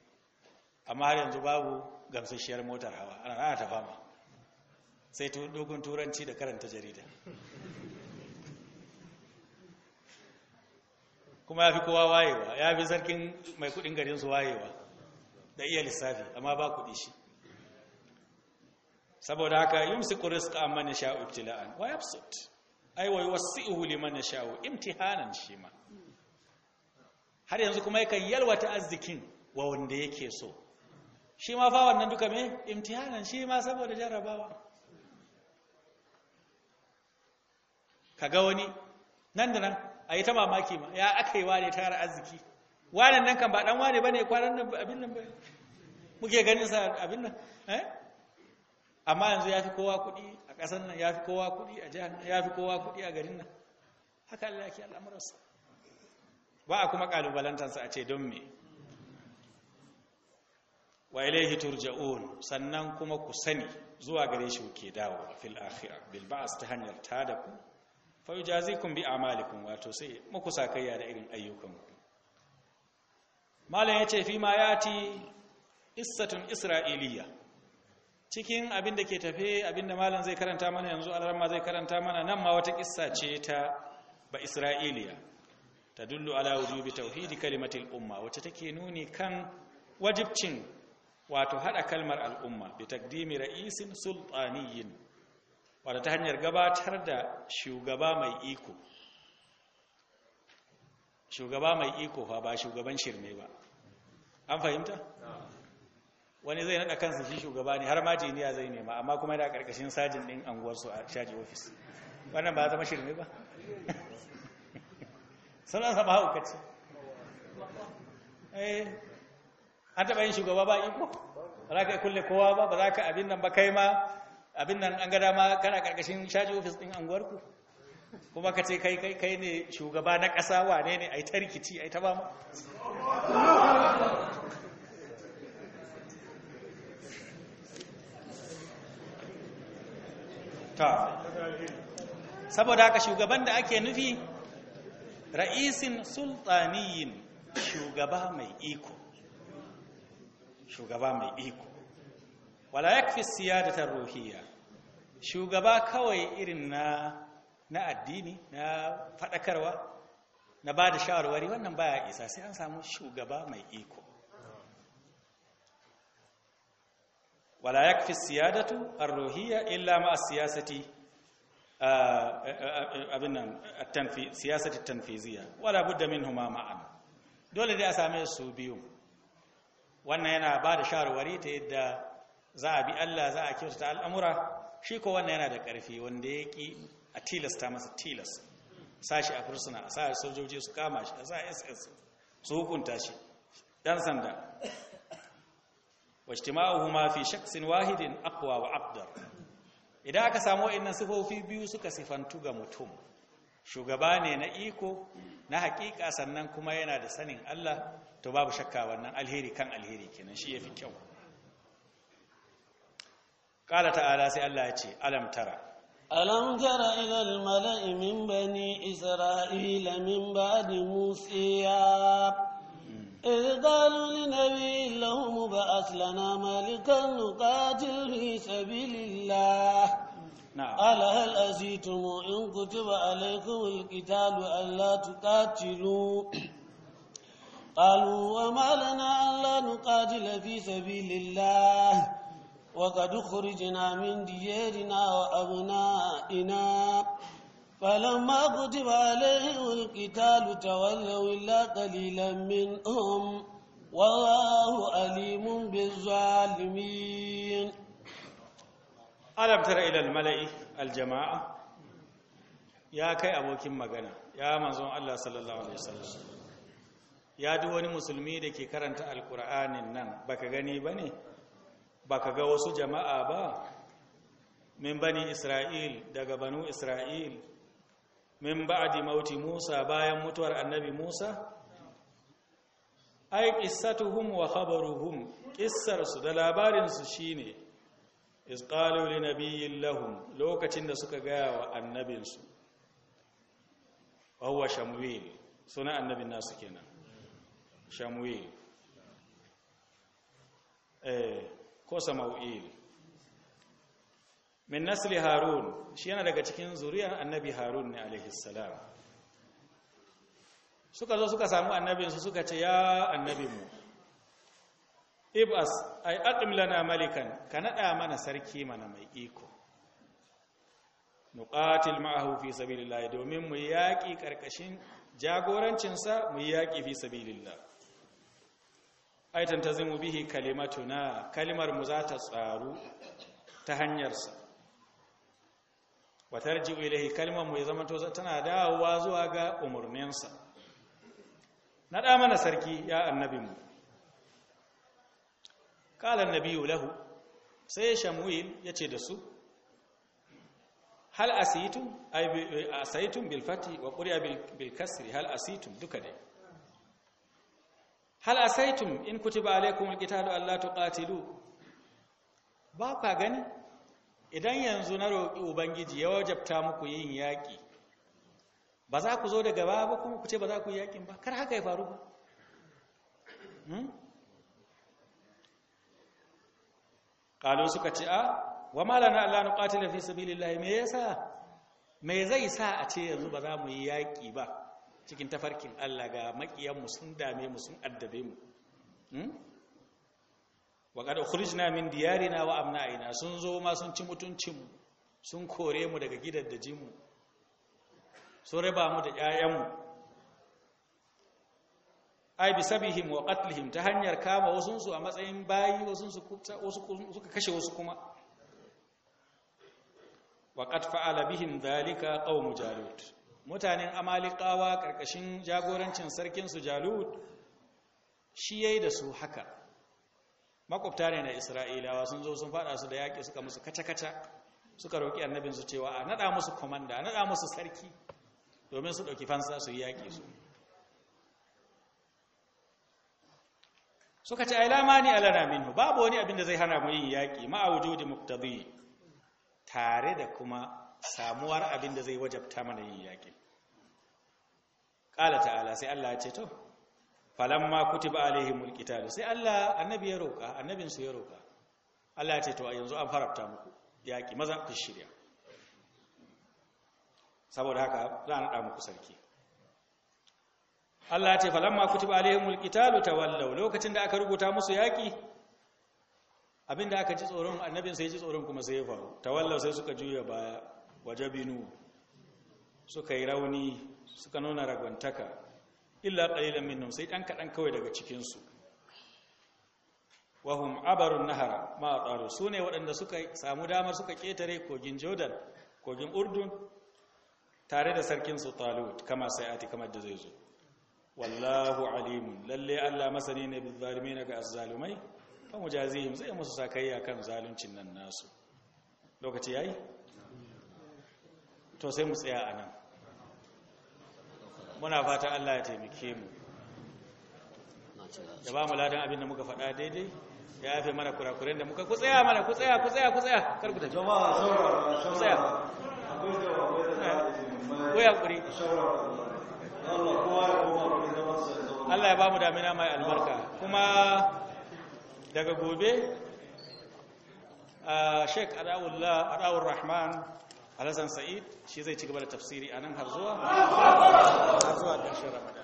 amma har yanzu babu gamsasshiyar motar hawa ana rana ta fama sai dogon turanci da karanta jarida kuma ya fi kowa wayewa ya fi sarkin mai kudin garinsu wayewa da iya lissafi amma ba kuɗi shi saboda haka yumsiku rizqa amman sha'u ibtila'an wa yabsut wasu wa yuwassi'uhu liman sha'u imtihanan shima har yanzu kuma yakan yalwata arzikin wa wanda yake so shi ma fa wannan duka me imtihanan shi ma saboda jarrabawa kaga wani nan da nan a yi ta mamaki ma ya aka yi wa ne tara arziki wanan nan kan ba dan wane bane kwanan nan abin nan ba muke ganin sa abin nan eh amma yanzu yafi kowa kuɗi a kasan nan yafi kowa kuɗi a jihar nan yafi kowa kuɗi a garin nan haka Allah yake al'amuransa ba a kuma sa a ce don me wa ilayhi turja'un sannan kuma ku sani zuwa gare shi kuke dawo fil akhira bil ba'th ta hanyar tada ku fa yujazikum bi a'malikum wato sai muku sakayya da irin ayyukanku malam ya ce fi ma ya ti issatun isra'iliya cikin abin da ke tafe abin da malam zai karanta mana yanzu alarma zai karanta mana nan ma wata kissa ce ta ba isra'iliya ta dullu ala wujubi tauhidi kalimatil umma wacce take nuni kan wajibcin wato hada kalmar al'umma bi takdimi ra'isin sultaniyin wato ta hanyar gabatar da shugaba mai iko shugaba mai iko fa ba shugaban shirme ba an fahimta wani zai naɗa kansa shi shugaba ne har ma jiniya zai nema amma kuma yana ƙarƙashin sajin ɗin anguwarsu a shaji ofis wannan ba zama shirme ba sunan sama haukaci eh an taɓa yin shugaba ba iko ba za ka kulle kowa ba ba za ka abin nan ba kai ma abin nan an gada ma kana ƙarƙashin shaji ofis ɗin anguwarku kuma ka ce kai kai kai ne shugaba na ƙasa wane ne ai tarkici ai ta ba mu saboda haka shugaban da ake nufi ra'isin sultaniyin shugaba mai iko shugaba mai iko wala yakfi siyadatar ruhiyya shugaba kawai irin na na addini na fadakarwa na bada shawarwari wannan baya isa sai an samu shugaba mai iko wala ya yakfi siyadatu ar-ruhiyya illa ma as-siyasati abin nan siyasati tanfiziyya wala budda minhuma ma'an dole dai a same su biyu wannan yana ba da shawarwari ta yadda za a bi Allah za a kyauta ta al'amura shi ko wannan yana da ƙarfi wanda ya ƙi a tilasta masa tilas sashi a fursuna a sa sojoji su kama shi a sa ss su hukunta shi ɗan sanda wajtima'uhuma fi shakhsin wahidin aqwa wa abdar idan aka samu wayannan sifofi biyu suka sifantu ga mutum shugaba ne na iko na haƙiƙa, sannan kuma yana da sanin Allah to babu shakka wannan alheri kan alheri kenan shi yafi kyau qala ta'ala sai Allah ya ce alam tara ألم تر إلى mala'i min bani Isra'ila min ba'di موسى إذ قالوا لنبي لهم بأس لنا ملكا نقاتل في سبيل الله نعم قال هل أسيتم إن كتب عليكم القتال ألا تقاتلوا قالوا وما لنا ألا نقاتل في سبيل الله وقد خرجنا من ديارنا وأبنائنا فلما كتب عليهم القتال تولوا إلا قليلا منهم والله أليم بالظالمين ألم تر إلى الملأ الجماعة ya kai abokin magana ya manzon Allah sallallahu alaihi wasallam ya duk wani musulmi da ke karanta alkur'anin nan baka gani bane baka ga wasu jama'a ba min bani isra'il daga banu isra'il min ba'di mauti Musa bayan mutuwar annabi Musa ay qissatuhum wa khabaruhum qissar da labarin su shine Iskaloli qalu li nabiyyin lahum lokacin da suka gaya wa annabin su huwa shamwil suna annabin nasu kenan shamwil eh ko samawil min nasli harun shi yana daga cikin zuriyar annabi harun ne alaihi salam suka zo suka samu annabinsu suka ce ya annabinmu ibas ay aqim lana malikan ka naɗa mana sarki mana mai iko nuqatil ma'ahu fi sabilillah domin mu yaƙi ƙarƙashin jagorancinsa mu yaƙi fi sabilillah ai tantazimu bihi kalimatuna kalimar mu za ta tsaru ta hanyarsa wa tarji ilaihi kalmar mu ya zama to tana dawowa zuwa ga umurninsa na da mana sarki ya annabi mu qala lahu sai shamuil yace da su hal asitum ay bil fati wa quriya bil kasri hal asitum duka dai hal asaitum in kutiba alaikumul qitalu allatu qatilu ba ka gani idan yanzu na roƙi ubangiji ya wajabta muku yin yaƙi ba za ku zo da gaba ba kuma ku ce ba za ku yi yaƙin ba kar haka ya faru ba hmm? ƙalo suka ce a wa malana Allah na ƙatila fi sabilillahi me yasa me zai sa a ce yanzu ba za mu yi yaƙi ba cikin tafarkin Allah ga maƙiyanmu sun dame mu sun addabe mu hmm? wa qad min diyarina wa amna'ina sun zo ma sun ci mutuncin mu sun kore mu daga gidan mu sun raba mu da 'ya'yanmu. mu ai sabihim wa qatlihim ta hanyar kama wasun su a matsayin bayi wasun su suka kashe wasu kuma wa qad fa'ala bihim dhalika qaum jalut mutanen amalikawa karkashin jagorancin sarkin su jalut shi yayi da su haka makwabta ne na isra'ilawa sun zo sun fada su da yaƙi suka musu kaca-kaca suka roƙi su cewa a naɗa musu komanda a naɗa musu sarki domin su ɗauki fansa su yi yaƙi su suka ce ai lamani alana minu babu wani abin da zai hana mu yin yaƙi ma da muktabi tare da kuma samuwar abin da zai wajabta mana yin yaƙi ƙala ta'ala sai Allah ya ce to falamma kutiba mulki ta sai Allah annabi ya roka annabin su ya roka Allah ya ce to yanzu an farabta muku yaki maza ku shirya saboda haka za a nada muku sarki Allah ya ce falamma mulki ta qital wallau lokacin da aka rubuta musu yaki abinda aka ji tsoron annabin sai ji tsoron kuma sai ya faru tawallaw sai suka juya baya wajabinu suka yi rauni suka nuna ragwantaka illa qalilan minhum sai dan kaɗan kawai daga cikin su wahum abarun nahara ma su ne waɗanda suka samu damar suka ƙetare kogin jordan kogin urdun tare da sarkin su talut kama sai ati kamar da zai zo wallahu alimun lalle allah masani ne bi zalimi ga azzalumai fa mujazihim zai musu sakayya kan zaluncin nan nasu lokaci yayi to sai mu tsaya a nan. muna fatan Allah ya taimake mu da ba mu ladan abin da muka faɗa daidai ya yafe mana kurakuren da muka kutsaya mana kutsaya kutsaya kutsaya kar ku tafi jama'a saurara kutsaya akwai da ta yi ya koma Allah ya ba mu damina mai albarka kuma daga gobe ah, Sheikh Adawullah Adawur Rahman Alhassan Sa'id shi zai ci gaba da tafsiri a nan har zuwa har zuwa ƙarshen Ramadan